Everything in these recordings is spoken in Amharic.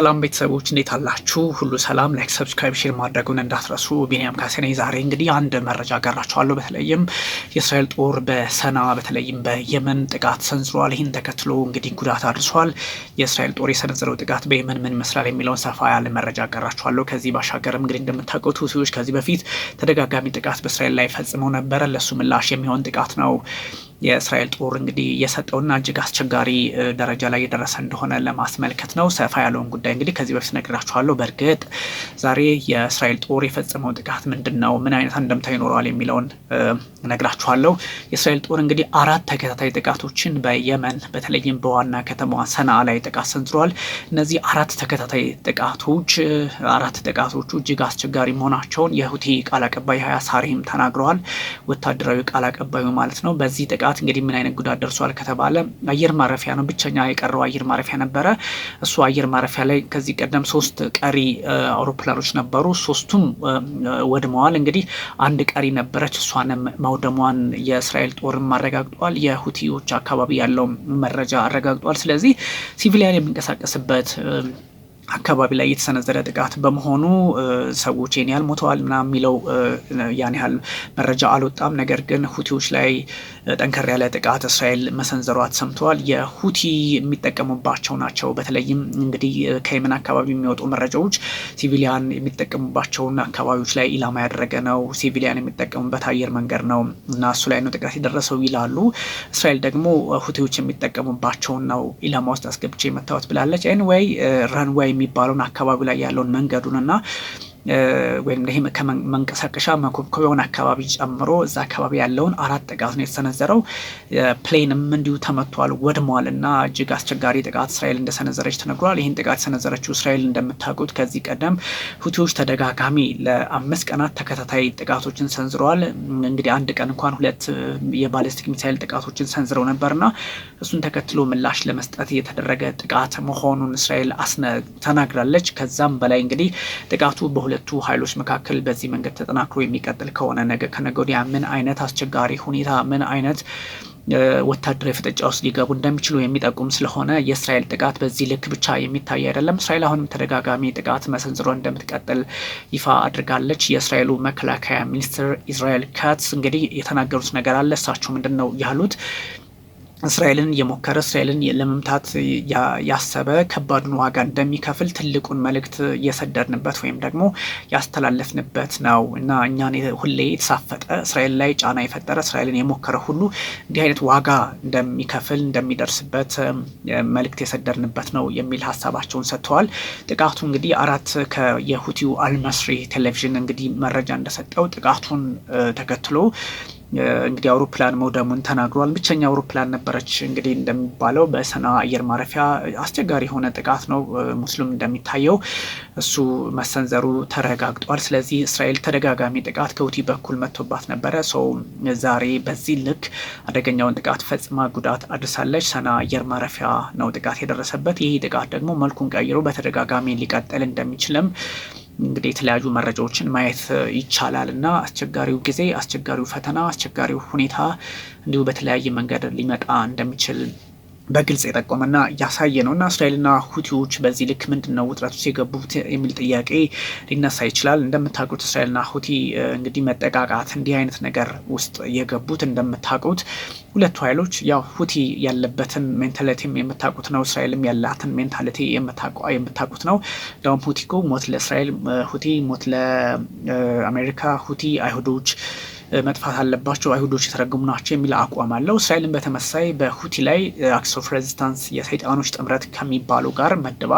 ሰላም ቤተሰቦች እንዴት አላችሁ? ሁሉ ሰላም። ላይክ፣ ሰብስክራይብ፣ ሼር ማድረጉን እንዳትረሱ። ቢኒያም ካሴ ነኝ። ዛሬ እንግዲህ አንድ መረጃ አጋራችኋለሁ። በተለይም የእስራኤል ጦር በሰና በተለይም በየመን ጥቃት ሰንዝሯል። ይህን ተከትሎ እንግዲህ ጉዳት አድርሷል። የእስራኤል ጦር የሰነዘረው ጥቃት በየመን ምን ይመስላል የሚለውን ሰፋ ያለ መረጃ አጋራችኋለሁ። ከዚህ ባሻገርም እንግዲህ እንደምታውቀው ሁቲዎች ከዚህ በፊት ተደጋጋሚ ጥቃት በእስራኤል ላይ ፈጽመው ነበረ። ለእሱ ምላሽ የሚሆን ጥቃት ነው የእስራኤል ጦር እንግዲህ እየሰጠውና እጅግ አስቸጋሪ ደረጃ ላይ የደረሰ እንደሆነ ለማስመልከት ነው። ሰፋ ያለውን ጉዳይ እንግዲህ ከዚህ በፊት ነግራችኋለሁ። በእርግጥ ዛሬ የእስራኤል ጦር የፈጸመው ጥቃት ምንድን ነው፣ ምን አይነት አንደምታ ይኖረዋል የሚለውን እነግራችኋለሁ። የእስራኤል ጦር እንግዲህ አራት ተከታታይ ጥቃቶችን በየመን በተለይም በዋና ከተማዋ ሰናአ ላይ ጥቃት ሰንዝሯል። እነዚህ አራት ተከታታይ ጥቃቶች አራት ጥቃቶቹ እጅግ አስቸጋሪ መሆናቸውን የሁቲ ቃል አቀባይ ሀያ ሳሪም ተናግረዋል። ወታደራዊ ቃል አቀባዩ ማለት ነው። በዚህ ጥቃት እንግዲህ ምን አይነት ጉዳት ደርሷል ከተባለ አየር ማረፊያ ነው ብቸኛ የቀረው አየር ማረፊያ ነበረ። እሱ አየር ማረፊያ ላይ ከዚህ ቀደም ሶስት ቀሪ አውሮፕላኖች ነበሩ። ሶስቱም ወድመዋል። እንግዲህ አንድ ቀሪ ነበረች እሷንም መውደሟን የእስራኤል ጦርም አረጋግጧል። የሁቲዎች አካባቢ ያለው መረጃ አረጋግጧል። ስለዚህ ሲቪሊያን የሚንቀሳቀስበት አካባቢ ላይ የተሰነዘረ ጥቃት በመሆኑ ሰዎች ይህን ያህል ሞተዋል ምናምን የሚለው ያን ያህል መረጃ አልወጣም። ነገር ግን ሁቲዎች ላይ ጠንከር ያለ ጥቃት እስራኤል መሰንዘሯ ተሰምተዋል። የሁቲ የሚጠቀሙባቸው ናቸው። በተለይም እንግዲህ ከየመን አካባቢ የሚወጡ መረጃዎች ሲቪሊያን የሚጠቀሙባቸውን አካባቢዎች ላይ ኢላማ ያደረገ ነው፣ ሲቪሊያን የሚጠቀሙበት አየር መንገድ ነው እና እሱ ላይ ነው ጥቃት የደረሰው ይላሉ። እስራኤል ደግሞ ሁቲዎች የሚጠቀሙባቸውን ነው ኢላማ ውስጥ አስገብቼ መታወት ብላለች። ኤኒዌይ ረንዌይ የሚባለውን አካባቢ ላይ ያለውን መንገዱን እና ወይም ይህ መንቀሳቀሻ መኮብኮቢያውን አካባቢ ጨምሮ እዛ አካባቢ ያለውን አራት ጥቃት ነው የተሰነዘረው። ፕሌንም እንዲሁ ተመቷል፣ ወድሟል እና እጅግ አስቸጋሪ ጥቃት እስራኤል እንደሰነዘረች ተነግሯል። ይህን ጥቃት የሰነዘረችው እስራኤል እንደምታውቁት ከዚህ ቀደም ሁቲዎች ተደጋጋሚ ለአምስት ቀናት ተከታታይ ጥቃቶችን ሰንዝረዋል። እንግዲህ አንድ ቀን እንኳን ሁለት የባለስቲክ ሚሳይል ጥቃቶችን ሰንዝረው ነበርና እሱን ተከትሎ ምላሽ ለመስጠት የተደረገ ጥቃት መሆኑን እስራኤል ተናግራለች። ከዛም በላይ እንግዲህ ጥቃቱ በሁለቱ ኃይሎች መካከል በዚህ መንገድ ተጠናክሮ የሚቀጥል ከሆነ ነገ ከነገ ወዲያ ምን አይነት አስቸጋሪ ሁኔታ ምን አይነት ወታደራዊ ፍጥጫ ውስጥ ሊገቡ እንደሚችሉ የሚጠቁም ስለሆነ የእስራኤል ጥቃት በዚህ ልክ ብቻ የሚታይ አይደለም። እስራኤል አሁንም ተደጋጋሚ ጥቃት መሰንዝሮ እንደምትቀጥል ይፋ አድርጋለች። የእስራኤሉ መከላከያ ሚኒስትር ኢስራኤል ካትስ እንግዲህ የተናገሩት ነገር አለ። እሳቸው ምንድን ነው ያሉት? እስራኤልን እየሞከረ እስራኤልን ለመምታት ያሰበ ከባዱን ዋጋ እንደሚከፍል ትልቁን መልእክት እየሰደድንበት ወይም ደግሞ ያስተላለፍንበት ነው እና እኛን ሁሌ የተሳፈጠ እስራኤል ላይ ጫና የፈጠረ እስራኤልን የሞከረ ሁሉ እንዲህ አይነት ዋጋ እንደሚከፍል እንደሚደርስበት መልእክት የሰደድንበት ነው የሚል ሀሳባቸውን ሰጥተዋል። ጥቃቱ እንግዲህ አራት ከየሁቲው አልመስሪ ቴሌቪዥን እንግዲህ መረጃ እንደሰጠው ጥቃቱን ተከትሎ እንግዲህ አውሮፕላን መውደሙን ተናግሯል። ብቸኛ አውሮፕላን ነበረች። እንግዲህ እንደሚባለው በሰና አየር ማረፊያ አስቸጋሪ የሆነ ጥቃት ነው። ሙስሊም እንደሚታየው እሱ መሰንዘሩ ተረጋግጧል። ስለዚህ እስራኤል ተደጋጋሚ ጥቃት ከውቲ በኩል መጥቶባት ነበረ። ሰው ዛሬ በዚህ ልክ አደገኛውን ጥቃት ፈጽማ ጉዳት አድርሳለች። ሰና አየር ማረፊያ ነው ጥቃት የደረሰበት። ይህ ጥቃት ደግሞ መልኩን ቀይሮ በተደጋጋሚ ሊቀጥል እንደሚችልም እንግዲህ የተለያዩ መረጃዎችን ማየት ይቻላል እና አስቸጋሪው ጊዜ፣ አስቸጋሪው ፈተና፣ አስቸጋሪው ሁኔታ እንዲሁ በተለያየ መንገድ ሊመጣ እንደሚችል በግልጽ የጠቆመና ያሳየ ነው እና እስራኤልና ሁቲዎች በዚህ ልክ ምንድን ነው ውጥረት ውስጥ የገቡት የሚል ጥያቄ ሊነሳ ይችላል። እንደምታውቁት እስራኤልና ሁቲ እንግዲህ መጠቃቃት፣ እንዲህ አይነት ነገር ውስጥ የገቡት እንደምታውቁት ሁለቱ ኃይሎች ያው ሁቲ ያለበትን ሜንታሊቲም የምታውቁት ነው። እስራኤልም ያላትን ሜንታሊቲ የምታውቁት ነው። እንደውም ሁቲ እኮ ሞት ለእስራኤል፣ ሁቲ ሞት ለአሜሪካ፣ ሁቲ አይሁዶች መጥፋት አለባቸው፣ አይሁዶች የተረገሙ ናቸው የሚል አቋም አለው። እስራኤልን በተመሳይ በሁቲ ላይ አክስ ኦፍ ሬዚስታንስ የሰይጣኖች ጥምረት ከሚባሉ ጋር መድባ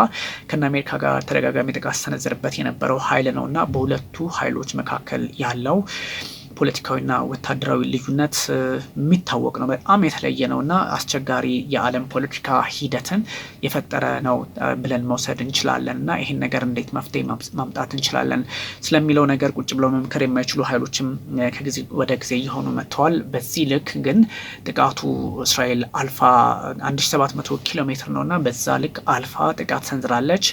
ከነ አሜሪካ ጋር ተደጋጋሚ ጥቃት ሰነዘርበት የነበረው ኃይል ነው እና በሁለቱ ኃይሎች መካከል ያለው ፖለቲካዊና ወታደራዊ ልዩነት የሚታወቅ ነው። በጣም የተለየ ነው እና አስቸጋሪ የዓለም ፖለቲካ ሂደትን የፈጠረ ነው ብለን መውሰድ እንችላለን እና ይህን ነገር እንዴት መፍትሄ ማምጣት እንችላለን ስለሚለው ነገር ቁጭ ብለው መምከር የማይችሉ ኃይሎችም ከጊዜ ወደ ጊዜ እየሆኑ መጥተዋል። በዚህ ልክ ግን ጥቃቱ እስራኤል አልፋ 1700 ኪሎ ሜትር ነው እና በዛ ልክ አልፋ ጥቃት ሰንዝራለች።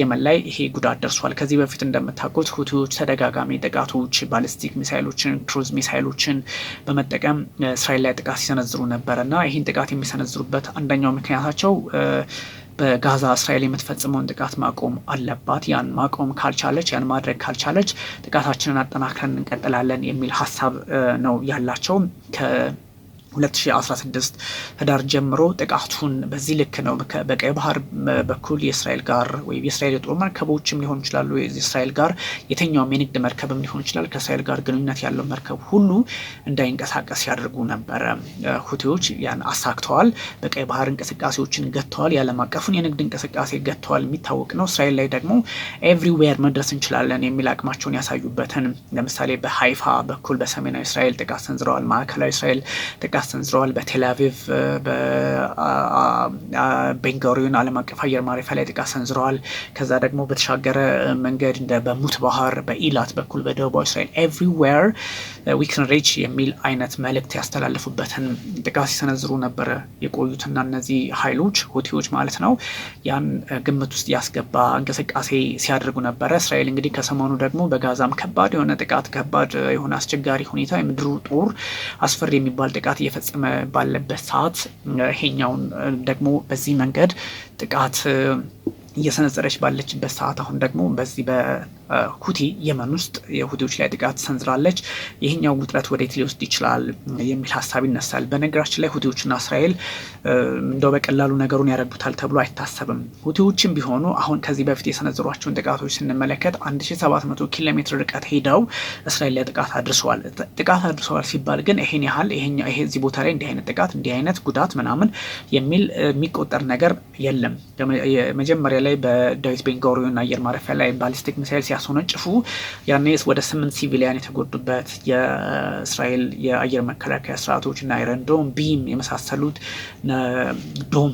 የመን ላይ ይሄ ጉዳት ደርሷል። ከዚህ በፊት እንደምታውቁት ሁቲዎች ተደጋጋሚ ጥቃቶች ባለስቲክ ሚሳይሎችን ክሩዝ ሚሳይሎችን በመጠቀም እስራኤል ላይ ጥቃት ሲሰነዝሩ ነበር እና ይህን ጥቃት የሚሰነዝሩበት አንደኛው ምክንያታቸው በጋዛ እስራኤል የምትፈጽመውን ጥቃት ማቆም አለባት። ያን ማቆም ካልቻለች፣ ያን ማድረግ ካልቻለች ጥቃታችንን አጠናክረን እንቀጥላለን የሚል ሀሳብ ነው ያላቸው። 2016 ህዳር ጀምሮ ጥቃቱን በዚህ ልክ ነው በቀይ ባህር በኩል የእስራኤል ጋር ወይም የእስራኤል የጦር መርከቦችም ሊሆን ይችላሉ። እስራኤል ጋር የትኛውም የንግድ መርከብም ሊሆን ይችላል። ከእስራኤል ጋር ግንኙነት ያለው መርከብ ሁሉ እንዳይንቀሳቀስ ያደርጉ ነበረ። ሁቴዎች ያን አሳክተዋል። በቀይ ባህር እንቅስቃሴዎችን ገጥተዋል። የዓለም አቀፉን የንግድ እንቅስቃሴ ገጥተዋል፣ የሚታወቅ ነው። እስራኤል ላይ ደግሞ ኤቭሪዌር መድረስ እንችላለን የሚል አቅማቸውን ያሳዩበትን ለምሳሌ በሀይፋ በኩል በሰሜናዊ እስራኤል ጥቃት ሰንዝረዋል። ማዕከላዊ እስራኤል ጥቃት አሰንዝረዋል። በቴል አቪቭ በቤንጋሪዮን ዓለም አቀፍ አየር ማረፊያ ላይ ጥቃት ሰንዝረዋል። ከዛ ደግሞ በተሻገረ መንገድ በሙት ባህር በኢላት በኩል በደቡባዊ እስራኤል ኤቭሪዌር ዊክን ሪች የሚል አይነት መልእክት ያስተላለፉበትን ጥቃት ሲሰነዝሩ ነበረ የቆዩትና እነዚህ ኃይሎች ሁቲዎች ማለት ነው ያን ግምት ውስጥ ያስገባ እንቅስቃሴ ሲያደርጉ ነበረ። እስራኤል እንግዲህ ከሰሞኑ ደግሞ በጋዛም ከባድ የሆነ ጥቃት ከባድ የሆነ አስቸጋሪ ሁኔታ የምድሩ ጦር አስፈሪ የሚባል ጥቃት እየፈጸመ ባለበት ሰዓት ይሄኛውን ደግሞ በዚህ መንገድ ጥቃት እየሰነዘረች ባለችበት ሰዓት አሁን ደግሞ በዚህ ሁቲ የመን ውስጥ የሁቲዎች ላይ ጥቃት ሰንዝራለች። ይህኛው ውጥረት ወዴት ሊወስድ ይችላል የሚል ሀሳብ ይነሳል። በነገራችን ላይ ሁቲዎችና እስራኤል እንደው በቀላሉ ነገሩን ያረዱታል ተብሎ አይታሰብም። ሁቲዎችም ቢሆኑ አሁን ከዚህ በፊት የሰነዘሯቸውን ጥቃቶች ስንመለከት 1700 ኪሎ ሜትር ርቀት ሄደው እስራኤል ላይ ጥቃት አድርሰዋል። ጥቃት አድርሰዋል ሲባል ግን ይሄን ያህል ይሄ እዚህ ቦታ ላይ እንዲህ አይነት ጥቃት እንዲህ አይነት ጉዳት ምናምን የሚል የሚቆጠር ነገር የለም። መጀመሪያ ላይ በዳዊት ቤንጎሪዮን አየር ማረፊያ ላይ ባሊስቲክ ሚሳይል ሲያ ሲያስወነጭፉ ያኔ ወደ ስምንት ሲቪሊያን የተጎዱበት የእስራኤል የአየር መከላከያ ስርዓቶች እና አይረን ዶም ቢም የመሳሰሉት ዶም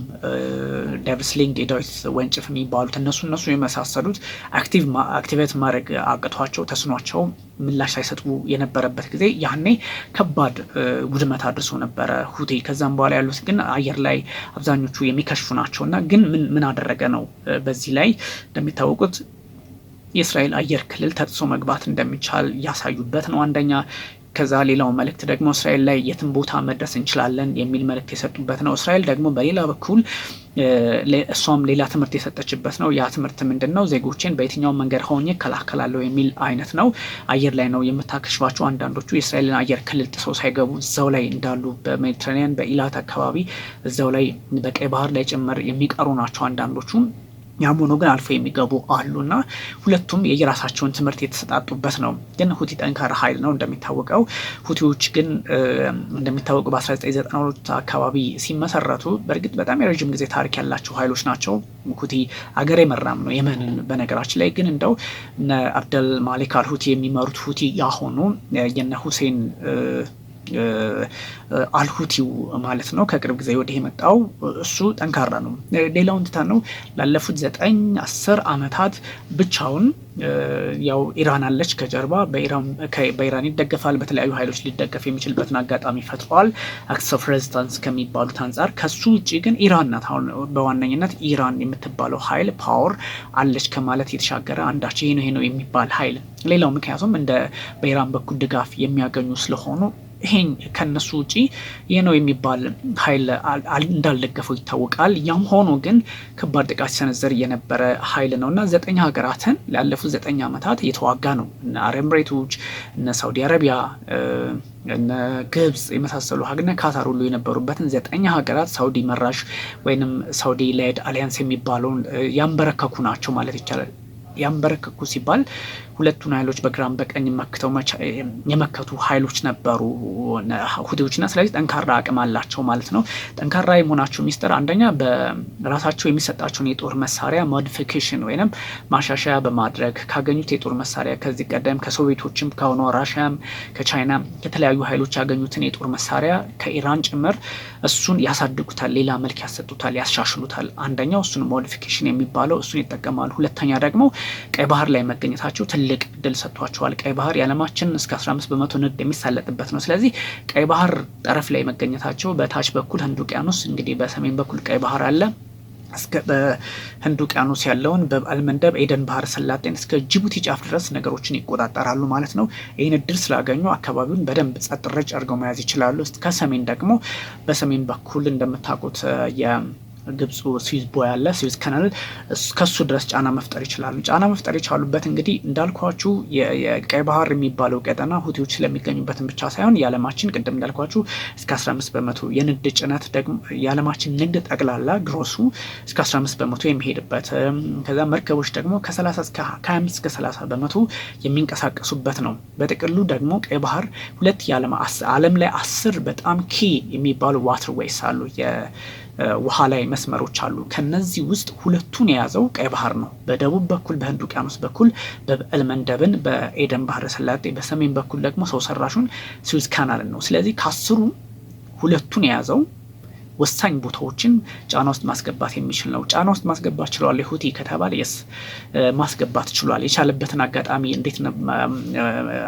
ደብስሊንግ የዳዊት ወንጭፍ የሚባሉት እነሱ እነሱ የመሳሰሉት አክቲቬት ማድረግ አቅቷቸው ተስኗቸው ምላሽ ሳይሰጡ የነበረበት ጊዜ ያኔ ከባድ ውድመት አድርሶ ነበረ ሁቴ። ከዛም በኋላ ያሉት ግን አየር ላይ አብዛኞቹ የሚከሽፉ ናቸው እና ግን ምን አደረገ ነው በዚህ ላይ እንደሚታወቁት የእስራኤል አየር ክልል ተጥሶ መግባት እንደሚቻል ያሳዩበት ነው አንደኛ። ከዛ ሌላው መልእክት ደግሞ እስራኤል ላይ የትም ቦታ መድረስ እንችላለን የሚል መልእክት የሰጡበት ነው። እስራኤል ደግሞ በሌላ በኩል እሷም ሌላ ትምህርት የሰጠችበት ነው። ያ ትምህርት ምንድን ነው? ዜጎችን በየትኛው መንገድ ሆኜ እከላከላለሁ የሚል አይነት ነው። አየር ላይ ነው የምታከሽፋቸው። አንዳንዶቹ የእስራኤልን አየር ክልል ጥሰው ሳይገቡ እዛው ላይ እንዳሉ በሜዲትራኒያን በኢላት አካባቢ እዛው ላይ በቀይ ባህር ላይ ጭምር የሚቀሩ ናቸው አንዳንዶቹ ያም ሆኖ ግን አልፎ የሚገቡ አሉና ሁለቱም የየራሳቸውን ትምህርት የተሰጣጡበት ነው። ግን ሁቲ ጠንካራ ኃይል ነው እንደሚታወቀው። ሁቲዎች ግን እንደሚታወቀው በ1990ዎቹ አካባቢ ሲመሰረቱ በእርግጥ በጣም የረዥም ጊዜ ታሪክ ያላቸው ኃይሎች ናቸው። ሁቲ አገር የመራም ነው የመንን። በነገራችን ላይ ግን እንደው አብደል ማሊክ አልሁቲ የሚመሩት ሁቲ ያሆኑ የነ ሁሴን አልሁቲው ማለት ነው ከቅርብ ጊዜ ወዲህ የመጣው እሱ ጠንካራ ነው። ሌላውን ትታ ነው ላለፉት ዘጠኝ አስር አመታት ብቻውን ያው ኢራን አለች ከጀርባ በኢራን ይደገፋል። በተለያዩ ኃይሎች ሊደገፍ የሚችልበትን አጋጣሚ ፈጥሯል። አክስ ኦፍ ሬዚስታንስ ከሚባሉት አንጻር ከሱ ውጭ ግን ኢራን ናት አሁን በዋነኝነት ኢራን የምትባለው ኃይል ፓወር አለች ከማለት የተሻገረ አንዳች ይሄ ነው ይሄ ነው የሚባል ኃይል ሌላው ምክንያቱም እንደ በኢራን በኩል ድጋፍ የሚያገኙ ስለሆኑ ይሄን ከነሱ ውጪ ይህ ነው የሚባል ኃይል እንዳልደገፈው ይታወቃል። ያም ሆኖ ግን ከባድ ጥቃት ሲሰነዘር የነበረ ኃይል ነው እና ዘጠኝ ሀገራትን ላለፉት ዘጠኝ ዓመታት እየተዋጋ ነው። እነ አረምሬቶች፣ እነ ሳውዲ አረቢያ፣ እነ ግብፅ የመሳሰሉ ሀገርና ካታር ሁሉ የነበሩበትን ዘጠኝ ሀገራት ሳውዲ መራሽ ወይንም ሳውዲ ላይድ አሊያንስ የሚባለውን ያንበረከኩ ናቸው ማለት ይቻላል። ያንበረከኩ ሲባል ሁለቱን ኃይሎች በግራም በቀኝ መክተው የመከቱ ኃይሎች ነበሩ ሁቲዎችና። ስለዚህ ጠንካራ አቅም አላቸው ማለት ነው። ጠንካራ የመሆናቸው ሚስጥር አንደኛ በራሳቸው የሚሰጣቸውን የጦር መሳሪያ ሞዲፊኬሽን ወይም ማሻሻያ በማድረግ ካገኙት የጦር መሳሪያ ከዚህ ቀደም ከሶቪየቶችም ከሆነ ራሽያም ከቻይና ከተለያዩ ኃይሎች ያገኙትን የጦር መሳሪያ ከኢራን ጭምር እሱን ያሳድጉታል፣ ሌላ መልክ ያሰጡታል፣ ያሻሽሉታል። አንደኛው እሱን ሞዲፊኬሽን የሚባለው እሱን ይጠቀማሉ። ሁለተኛ ደግሞ ቀይ ባህር ላይ መገኘታቸው ትልቅ ድል ሰጥቷቸዋል። ቀይ ባህር የዓለማችን እስከ 15 በመቶ ንግድ የሚሳለጥበት ነው። ስለዚህ ቀይ ባህር ጠረፍ ላይ መገኘታቸው በታች በኩል ህንድ ውቅያኖስ እንግዲህ በሰሜን በኩል ቀይ ባህር አለ እስከ በህንድ ውቅያኖስ ያለውን በአልመንደብ ኤደን ባህር ሰላጤን እስከ ጅቡቲ ጫፍ ድረስ ነገሮችን ይቆጣጠራሉ ማለት ነው። ይህን እድል ስላገኙ አካባቢውን በደንብ ጸጥ ረጭ አድርገው መያዝ ይችላሉ። ከሰሜን ደግሞ በሰሜን በኩል እንደምታውቁት ግብፁ ስዊዝ ቦይ ያለ ስዊዝ ከነል ከሱ ድረስ ጫና መፍጠር ይችላሉ። ጫና መፍጠር የቻሉበት እንግዲህ እንዳልኳችሁ የቀይ ባህር የሚባለው ቀጠና ሁቲዎች ስለሚገኙበትን ብቻ ሳይሆን የዓለማችን ቅድም እንዳልኳችሁ እስከ 15 በመቶ የንግድ ጭነት ደግሞ የዓለማችን ንግድ ጠቅላላ ግሮሱ እስከ 15 በመቶ የሚሄድበት ከዛ መርከቦች ደግሞ ከ 25 እስከ 30 በመቶ የሚንቀሳቀሱበት ነው። በጥቅሉ ደግሞ ቀይ ባህር ሁለት የዓለም ላይ አስር በጣም ኪ የሚባሉ ዋተር ዌይስ አሉ ውሃ ላይ መስመሮች አሉ። ከነዚህ ውስጥ ሁለቱን የያዘው ቀይ ባህር ነው። በደቡብ በኩል በህንድ ውቅያኖስ በኩል በበዕል መንደብን በኤደን ባህረ ሰላጤ፣ በሰሜን በኩል ደግሞ ሰው ሰራሹን ስዊዝ ካናልን ነው። ስለዚህ ከአስሩ ሁለቱን የያዘው ወሳኝ ቦታዎችን ጫና ውስጥ ማስገባት የሚችል ነው። ጫና ውስጥ ማስገባት ችሏል ሁቲ ከተባለ የስ ማስገባት ችሏል። የቻለበትን አጋጣሚ እንዴት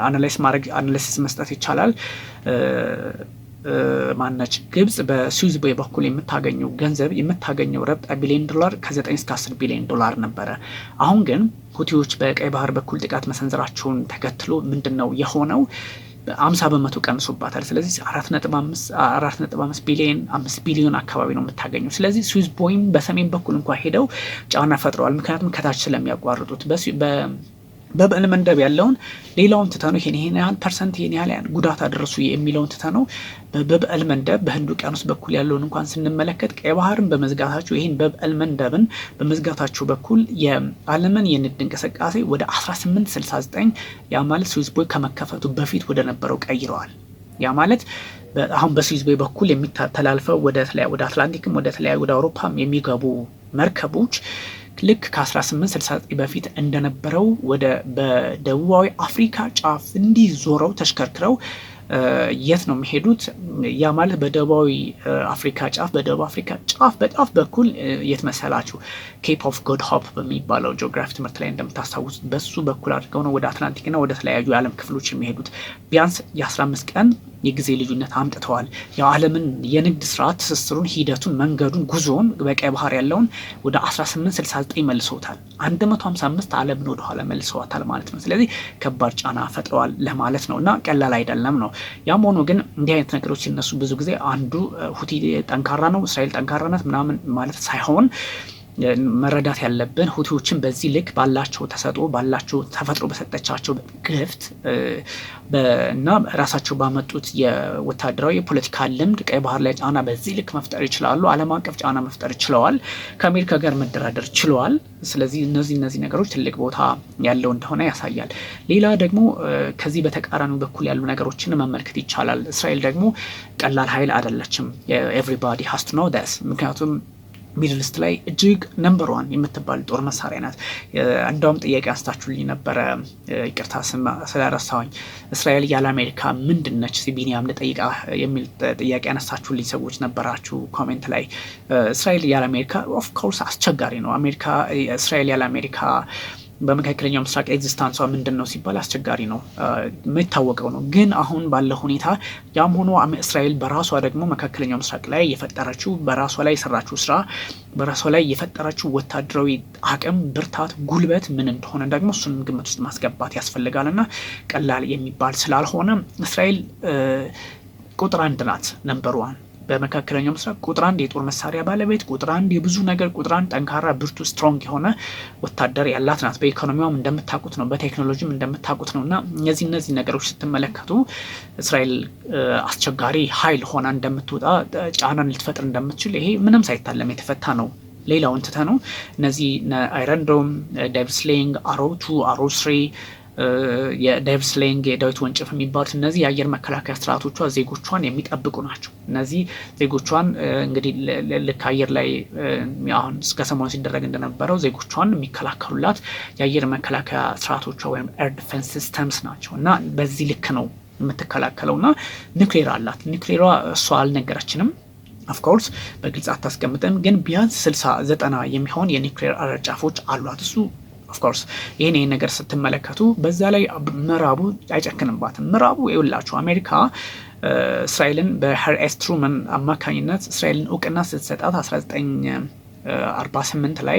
አናላይስ ማድረግ አናላይሲስ መስጠት ይቻላል። ማነች ግብጽ በሱዝ ቦይ በኩል የምታገኘው ገንዘብ የምታገኘው ረብጣ ቢሊዮን ዶላር ከ9 እስከ 10 ቢሊዮን ዶላር ነበረ። አሁን ግን ሁቲዎች በቀይ ባህር በኩል ጥቃት መሰንዘራቸውን ተከትሎ ምንድን ነው የሆነው? አምሳ በመቶ ቀንሶባታል። ስለዚህ አራት ነጥብ አምስት ቢሊዮን አምስት ቢሊዮን አካባቢ ነው የምታገኘው። ስለዚህ ስዊዝ ቦይም በሰሜን በኩል እንኳ ሄደው ጫና ፈጥረዋል። ምክንያቱም ከታች ስለሚያቋርጡት በበል መንደብ ያለውን ሌላውን ትተነው ይሄን ይሄን ያህል ፐርሰንት ይሄን ያህል ጉዳት አደረሱ የሚለውን ትተነው በበል መንደብ በህንድ ውቅያኖስ በኩል ያለውን እንኳን ስንመለከት ቀይ ባህርን በመዝጋታቸው ይህን በበል መንደብን በመዝጋታቸው በኩል የዓለምን የንግድ እንቅስቃሴ ወደ 1869 ያ ማለት ስዊዝ ቦይ ከመከፈቱ በፊት ወደ ነበረው ቀይረዋል። ያ ማለት አሁን በስዊዝ ቦይ በኩል የሚተላልፈው ወደ አትላንቲክም ወደ ተለያዩ ወደ አውሮፓም የሚገቡ መርከቦች ልክ ከ1869 በፊት እንደነበረው ወደ በደቡባዊ አፍሪካ ጫፍ እንዲዞረው ተሽከርክረው የት ነው የሚሄዱት? ያ ማለት በደቡባዊ አፍሪካ ጫፍ በደቡብ አፍሪካ ጫፍ በጫፍ በኩል የት መሰላችሁ? ኬፕ ኦፍ ጎድ ሆፕ በሚባለው ጂኦግራፊ ትምህርት ላይ እንደምታስታውሱት በሱ በኩል አድርገው ነው ወደ አትላንቲክና ወደ ተለያዩ የዓለም ክፍሎች የሚሄዱት ቢያንስ የ15 ቀን የጊዜ ልዩነት አምጥተዋል። የዓለምን የንግድ ስርዓት ትስስሩን፣ ሂደቱን፣ መንገዱን፣ ጉዞውን በቀይ ባህር ያለውን ወደ 1869 መልሰውታል። 155 ዓለምን ወደኋላ መልሰዋታል ማለት ነው። ስለዚህ ከባድ ጫና ፈጥረዋል ለማለት ነው እና ቀላል አይደለም ነው። ያም ሆኖ ግን እንዲህ አይነት ነገሮች ሲነሱ ብዙ ጊዜ አንዱ ሁቲ ጠንካራ ነው፣ እስራኤል ጠንካራነት ምናምን ማለት ሳይሆን መረዳት ያለብን ሁቲዎችን በዚህ ልክ ባላቸው ተሰጥኦ ባላቸው ተፈጥሮ በሰጠቻቸው ግፍት እና ራሳቸው ባመጡት የወታደራዊ የፖለቲካ ልምድ ቀይ ባህር ላይ ጫና በዚህ ልክ መፍጠር ይችላሉ። ዓለም አቀፍ ጫና መፍጠር ችለዋል። ከአሜሪካ ጋር መደራደር ችለዋል። ስለዚህ እነዚህ እነዚህ ነገሮች ትልቅ ቦታ ያለው እንደሆነ ያሳያል። ሌላ ደግሞ ከዚህ በተቃራኒ በኩል ያሉ ነገሮችን መመልከት ይቻላል። እስራኤል ደግሞ ቀላል ኃይል አይደለችም። ኤቭሪባዲ ሀስቱ ነው ደስ ምክንያቱም ሚድልስት ላይ እጅግ ነምበር ዋን የምትባል ጦር መሳሪያ ናት። እንደውም ጥያቄ አንስታችሁልኝ ነበረ፣ ይቅርታ ስለረሳሁኝ። እስራኤል ያለ አሜሪካ ምንድን ነች ሲቢኒያም ለጠይቃ የሚል ጥያቄ አነሳችሁልኝ ሰዎች ነበራችሁ ኮሜንት ላይ። እስራኤል ያለ አሜሪካ ኦፍኮርስ አስቸጋሪ ነው። አሜሪካ እስራኤል ያለ አሜሪካ በመካከለኛው ምስራቅ ኤግዚስታንሷ ምንድን ነው ሲባል አስቸጋሪ ነው የሚታወቀው ነው። ግን አሁን ባለ ሁኔታ ያም ሆኖ እስራኤል በራሷ ደግሞ መካከለኛው ምስራቅ ላይ የፈጠረችው በራሷ ላይ የሰራችው ስራ በራሷ ላይ የፈጠረችው ወታደራዊ አቅም፣ ብርታት፣ ጉልበት ምን እንደሆነ ደግሞ እሱንም ግምት ውስጥ ማስገባት ያስፈልጋል እና ቀላል የሚባል ስላልሆነ እስራኤል ቁጥር አንድ ናት ነምበር ዋን በመካከለኛው ምስራቅ ቁጥር አንድ የጦር መሳሪያ ባለቤት፣ ቁጥር አንድ የብዙ ነገር ቁጥር አንድ ጠንካራ ብርቱ ስትሮንግ የሆነ ወታደር ያላት ናት። በኢኮኖሚዋም እንደምታውቁት ነው፣ በቴክኖሎጂም እንደምታውቁት ነው እና እነዚህ እነዚህ ነገሮች ስትመለከቱ እስራኤል አስቸጋሪ ኃይል ሆና እንደምትወጣ ጫናን ልትፈጥር እንደምትችል ይሄ ምንም ሳይታለም የተፈታ ነው። ሌላውን ትተ ነው እነዚህ አይረንዶም፣ ዴቪስሊንግ፣ አሮቱ፣ አሮስሬ የደብስ ሌንግ የዳዊት ወንጭፍ የሚባሉት እነዚህ የአየር መከላከያ ስርዓቶቿ ዜጎቿን የሚጠብቁ ናቸው። እነዚህ ዜጎቿን እንግዲህ ልክ አየር ላይ አሁን እስከ ሰሞኑ ሲደረግ እንደነበረው ዜጎቿን የሚከላከሉላት የአየር መከላከያ ስርዓቶቿ ወይም ኤር ዲፌንስ ሲስተምስ ናቸው እና በዚህ ልክ ነው የምትከላከለው እና ኒክሌር አላት። ኒውክሌሯ እሷ አልነገረችንም ኦፍኮርስ በግልጽ አታስቀምጥም፣ ግን ቢያንስ ስልሳ ዘጠና የሚሆን የኒክሌር አረጫፎች ጫፎች አሏት እሱ ኦፍኮርስ ይህን ይህን ነገር ስትመለከቱ በዛ ላይ ምዕራቡ አይጨክንባትም። ምዕራቡ ይውላችሁ አሜሪካ እስራኤልን በሄር ትሩመን አማካኝነት እስራኤልን እውቅና ስትሰጣት 1948 ላይ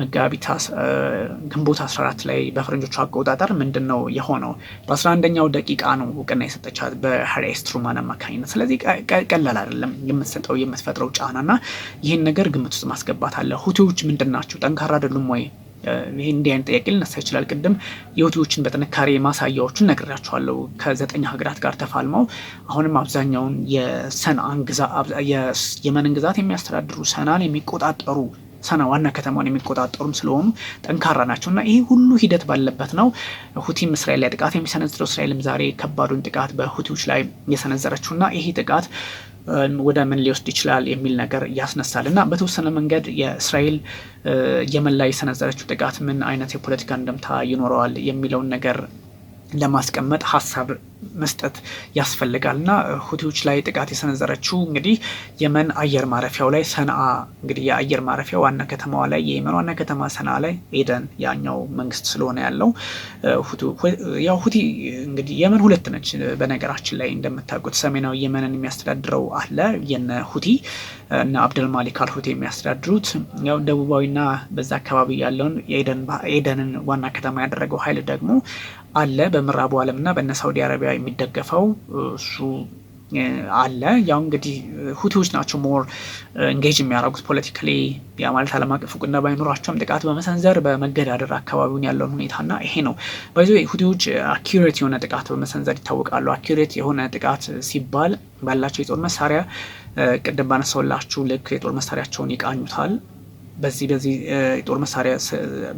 መጋቢት ግንቦት 14 ላይ በፈረንጆቹ አቆጣጠር ምንድን ነው የሆነው? በ11ኛው ደቂቃ ነው እውቅና የሰጠቻት በሄር ኤስ ትሩመን አማካኝነት። ስለዚህ ቀላል አይደለም የምትሰጠው የምትፈጥረው ጫና ና ይህን ነገር ግምት ውስጥ ማስገባት አለ። ሁቲዎች ምንድን ናቸው? ጠንካራ አይደሉም ወይ ይሄ እንዲህ አይነት ጥያቄ ሊነሳ ይችላል። ቅድም የሁቲዎችን በጥንካሬ ማሳያዎችን ነግራችኋለሁ። ከዘጠኝ ሀገራት ጋር ተፋልመው አሁንም አብዛኛውን የሰንአን የመንን ግዛት የሚያስተዳድሩ ሰናን የሚቆጣጠሩ ሰና ዋና ከተማውን የሚቆጣጠሩም ስለሆኑ ጠንካራ ናቸው እና ይህ ሁሉ ሂደት ባለበት ነው ሁቲም እስራኤል ላይ ጥቃት የሚሰነዝረው። እስራኤልም ዛሬ ከባዱን ጥቃት በሁቲዎች ላይ የሰነዘረችው እና ይሄ ጥቃት ወደ ምን ሊወስድ ይችላል የሚል ነገር ያስነሳል እና በተወሰነ መንገድ የእስራኤል የመን ላይ የሰነዘረችው ጥቃት ምን አይነት የፖለቲካ እንደምታ ይኖረዋል የሚለውን ነገር ለማስቀመጥ ሀሳብ መስጠት ያስፈልጋል እና ሁቲዎች ላይ ጥቃት የሰነዘረችው እንግዲህ የመን አየር ማረፊያው ላይ ሰንአ እንግዲህ የአየር ማረፊያ ዋና ከተማዋ ላይ የየመን ዋና ከተማ ሰንአ ላይ ኤደን ያኛው መንግስት ስለሆነ ያለው ያው ሁቲ እንግዲህ የመን ሁለት ነች። በነገራችን ላይ እንደምታውቁት ሰሜናዊ የመንን የሚያስተዳድረው አለ የነ ሁቲ እና አብደልማሊክ አልሁቲ የሚያስተዳድሩት ያው ደቡባዊና በዛ አካባቢ ያለውን ኤደንን ዋና ከተማ ያደረገው ኃይል ደግሞ አለ በምዕራቡ ዓለምና በነ ሳውዲ አረቢያ የሚደገፈው እሱ አለ። ያው እንግዲህ ሁቲዎች ናቸው ሞር እንጌጅ የሚያደርጉት ፖለቲካሊ፣ ያ ማለት ዓለም አቀፍ እውቅና ባይኖራቸውም ጥቃት በመሰንዘር በመገዳደር አካባቢውን ያለውን ሁኔታና ይሄ ነው። በዚ ሁቲዎች አኪሬት የሆነ ጥቃት በመሰንዘር ይታወቃሉ። አኪሬት የሆነ ጥቃት ሲባል ባላቸው የጦር መሳሪያ ቅድም ባነሳውላችሁ ልክ የጦር መሳሪያቸውን ይቃኙታል። በዚህ በዚህ የጦር መሳሪያ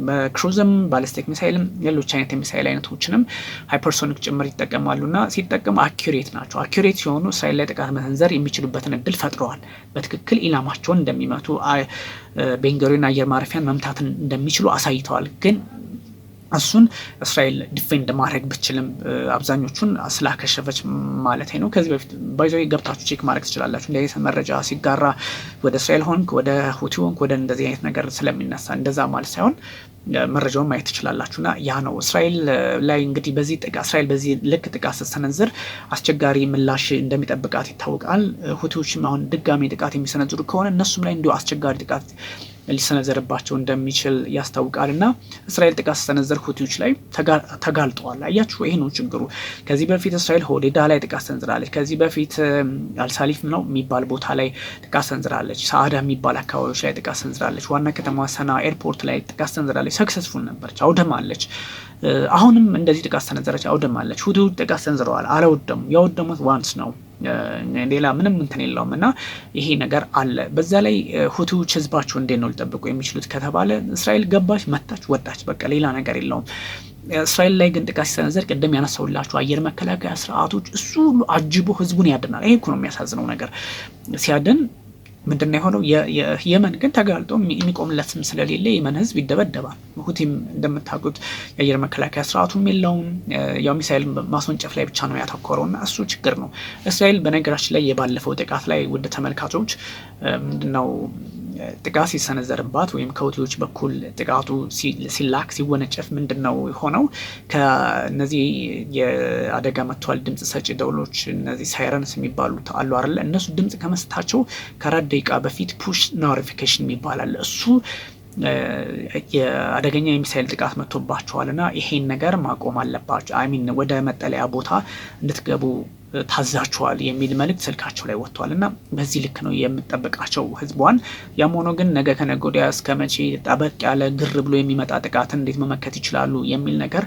በክሩዝም ባለስቲክ ሚሳይልም ሌሎች አይነት የሚሳይል አይነቶችንም ሃይፐርሶኒክ ጭምር ይጠቀማሉ እና ሲጠቀሙ አኪሬት ናቸው። አኪሬት ሲሆኑ እስራኤል ላይ ጥቃት መሰንዘር የሚችሉበትን እድል ፈጥረዋል። በትክክል ኢላማቸውን እንደሚመቱ ቤንገሪዮን አየር ማረፊያን መምታትን እንደሚችሉ አሳይተዋል ግን እሱን እስራኤል ዲፌንድ ማድረግ ብችልም አብዛኞቹን ስላከሸፈች ማለት ነው። ከዚህ በፊት ባይዞ ገብታችሁ ቼክ ማድረግ ትችላላችሁ። እንደዚህ አይነት መረጃ ሲጋራ ወደ እስራኤል ሆንክ፣ ወደ ሁቲ ሆንክ፣ ወደ እንደዚህ አይነት ነገር ስለሚነሳ እንደዛ ማለት ሳይሆን መረጃውን ማየት ትችላላችሁ። እና ያ ነው እስራኤል ላይ እንግዲህ በዚህ ጥቃ እስራኤል በዚህ ልክ ጥቃት ስትሰነዝር አስቸጋሪ ምላሽ እንደሚጠብቃት ይታወቃል። ሁቲዎችም አሁን ድጋሚ ጥቃት የሚሰነዝሩ ከሆነ እነሱም ላይ እንዲሁ አስቸጋሪ ጥቃት ሊሰነዘርባቸው እንደሚችል ያስታውቃል። እና እስራኤል ጥቃት ስተነዘር ሁቲዎች ላይ ተጋልጠዋል። አያችሁ፣ ይሄ ነው ችግሩ። ከዚህ በፊት እስራኤል ሆዴዳ ላይ ጥቃት ሰንዝራለች። ከዚህ በፊት አልሳሊፍ ነው የሚባል ቦታ ላይ ጥቃት ሰንዝራለች። ሰአዳ የሚባል አካባቢዎች ላይ ጥቃት ሰንዝራለች። ዋና ከተማ ሰና ኤርፖርት ላይ ጥቃት ሰንዝራለች። ሰክሰስፉል ነበረች፣ አውደማለች። አሁንም እንደዚህ ጥቃት ሰነዘረች፣ አውደማለች። ሁቲዎች ጥቃት ሰንዝረዋል፣ አለውደሙ። ያወደሙት ዋንስ ነው ሌላ ምንም እንትን የለውም እና ይሄ ነገር አለ። በዛ ላይ ሁቲዎች ህዝባቸው እንዴት ነው ሊጠብቁ የሚችሉት ከተባለ እስራኤል ገባች፣ መታች፣ ወጣች፣ በቃ ሌላ ነገር የለውም። እስራኤል ላይ ግን ጥቃት ሲሰነዘር ቅድም ያነሳውላቸው አየር መከላከያ ስርዓቶች እሱ ሁሉ አጅቦ ህዝቡን ያድናል። ይሄ እኮ ነው የሚያሳዝነው ነገር ሲያድን ምንድን ነው የሆነው? የመን ግን ተጋልጦ የሚቆምለትም ስለሌለ የመን ህዝብ ይደበደባል። ሁቲም እንደምታውቁት የአየር መከላከያ ስርዓቱም የለውም። ያው ሚሳይል ማስወንጨፍ ላይ ብቻ ነው ያተኮረው እና እሱ ችግር ነው። እስራኤል በነገራችን ላይ የባለፈው ጥቃት ላይ ውድ ተመልካቾች ምንድነው ጥቃት ሲሰነዘርባት ወይም ከሁቲዎች በኩል ጥቃቱ ሲላክ ሲወነጨፍ ምንድን ነው የሆነው? ከነዚህ የአደጋ መጥቷል ድምፅ ሰጪ ደውሎች እነዚህ ሳይረንስ የሚባሉት አሉ አለ እነሱ ድምፅ ከመስታቸው ከአራት ደቂቃ በፊት ፑሽ ኖቲፊኬሽን የሚባላል እሱ የአደገኛ የሚሳይል ጥቃት መጥቶባቸዋል እና ይሄን ነገር ማቆም አለባቸው። አይ ወደ መጠለያ ቦታ እንድትገቡ ታዛችኋል የሚል መልእክት ስልካቸው ላይ ወጥቷል እና በዚህ ልክ ነው የምጠበቃቸው ህዝቧን። ያም ሆኖ ግን ነገ ከነገ ወዲያ እስከ መቼ ጠበቅ ያለ ግር ብሎ የሚመጣ ጥቃትን እንዴት መመከት ይችላሉ የሚል ነገር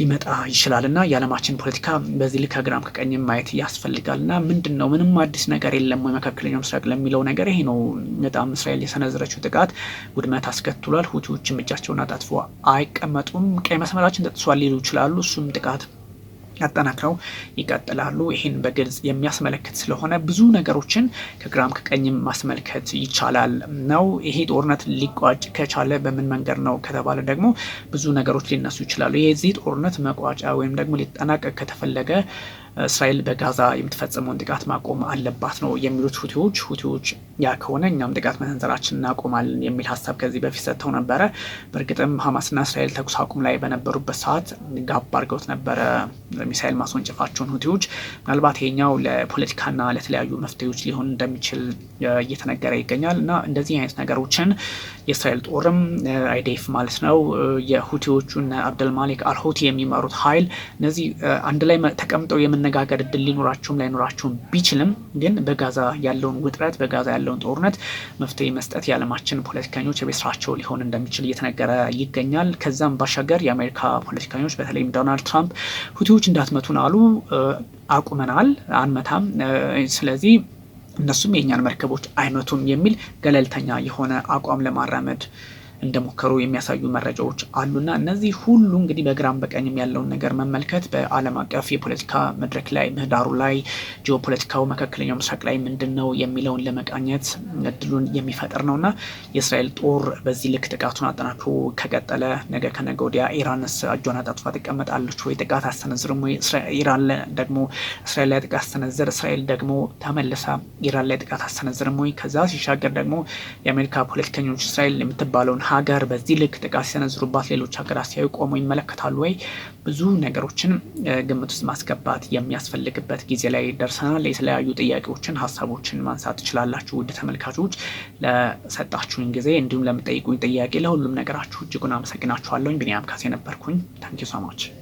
ሊመጣ ይችላል እና የዓለማችን ፖለቲካ በዚህ ልክ ከግራም ከቀኝም ማየት ያስፈልጋል እና ምንድን ነው ምንም አዲስ ነገር የለም ወይ መካከለኛው ምስራቅ ለሚለው ነገር ይሄ ነው። በጣም እስራኤል የሰነዘረችው ጥቃት ውድመት አስከትሏል። ሁቲዎችም እጃቸውን አጣጥፎ አይቀመጡም። ቀይ መስመራችን ተጥሷል ሊሉ ይችላሉ። እሱም ጥቃት አጠናክረው ይቀጥላሉ። ይህን በግልጽ የሚያስመለክት ስለሆነ ብዙ ነገሮችን ከግራም ከቀኝም ማስመልከት ይቻላል ነው። ይሄ ጦርነት ሊቋጭ ከቻለ በምን መንገድ ነው ከተባለ ደግሞ ብዙ ነገሮች ሊነሱ ይችላሉ። የዚህ ጦርነት መቋጫ ወይም ደግሞ ሊጠናቀቅ ከተፈለገ እስራኤል በጋዛ የምትፈጽመውን ጥቃት ማቆም አለባት ነው የሚሉት ሁቲዎች። ሁቲዎች ያ ከሆነ እኛም ጥቃት መሰንዘራችን እናቆማለን የሚል ሀሳብ ከዚህ በፊት ሰጥተው ነበረ። በእርግጥም ሀማስና እስራኤል ተኩስ አቁም ላይ በነበሩበት ሰዓት ጋብ አድርገውት ነበረ ሚሳኤል ማስወንጨፋቸውን ሁቲዎች። ምናልባት ይሄኛው ለፖለቲካና ለተለያዩ መፍትሄዎች ሊሆን እንደሚችል እየተነገረ ይገኛል እና እንደዚህ አይነት ነገሮችን የእስራኤል ጦርም አይዴፍ ማለት ነው የሁቲዎቹና አብደልማሊክ አልሁቲ የሚመሩት ኃይል እነዚህ አንድ ላይ ተቀምጠው የመነጋገር እድል ሊኖራቸውም ላይኖራቸውም ቢችልም ግን በጋዛ ያለውን ውጥረት በጋዛ ያለውን ጦርነት መፍትሄ መስጠት የዓለማችን ፖለቲከኞች የቤት ስራቸው ሊሆን እንደሚችል እየተነገረ ይገኛል። ከዛም ባሻገር የአሜሪካ ፖለቲከኞች በተለይም ዶናልድ ትራምፕ ሁቲዎች እንዳትመቱን አሉ፣ አቁመናል፣ አንመታም። ስለዚህ እነሱም የእኛን መርከቦች አይመቱም የሚል ገለልተኛ የሆነ አቋም ለማራመድ እንደሞከሩ የሚያሳዩ መረጃዎች አሉና እነዚህ ሁሉ እንግዲህ በግራም በቀኝም ያለውን ነገር መመልከት በዓለም አቀፍ የፖለቲካ መድረክ ላይ ምህዳሩ ላይ ጂኦፖለቲካው መካከለኛው ምስራቅ ላይ ምንድን ነው የሚለውን ለመቃኘት እድሉን የሚፈጥር ነውና የእስራኤል ጦር በዚህ ልክ ጥቃቱን አጠናክሮ ከቀጠለ ነገ ከነገ ወዲያ ኢራንስ እጇን አጣጥፋ ትቀመጣለች ወይ? ጥቃት አስተነዝርም ወይ? ኢራን ደግሞ እስራኤል ላይ ጥቃት አስተነዝር፣ እስራኤል ደግሞ ተመልሳ ኢራን ላይ ጥቃት አስተነዝርም ወይ? ከዛ ሲሻገር ደግሞ የአሜሪካ ፖለቲከኞች እስራኤል የምትባለውን ሀገር በዚህ ልክ ጥቃት ሲሰነዝሩባት ሌሎች ሀገራት ሲያዩ ቆመው ይመለከታሉ ወይ? ብዙ ነገሮችን ግምት ውስጥ ማስገባት የሚያስፈልግበት ጊዜ ላይ ደርሰናል። የተለያዩ ጥያቄዎችን፣ ሀሳቦችን ማንሳት ትችላላችሁ። ውድ ተመልካቾች ለሰጣችሁኝ ጊዜ እንዲሁም ለምጠይቁኝ ጥያቄ ለሁሉም ነገራችሁ እጅጉን አመሰግናችኋለሁኝ። ቢኒያም ካሴ ነበርኩኝ። ታንኪ ሶማች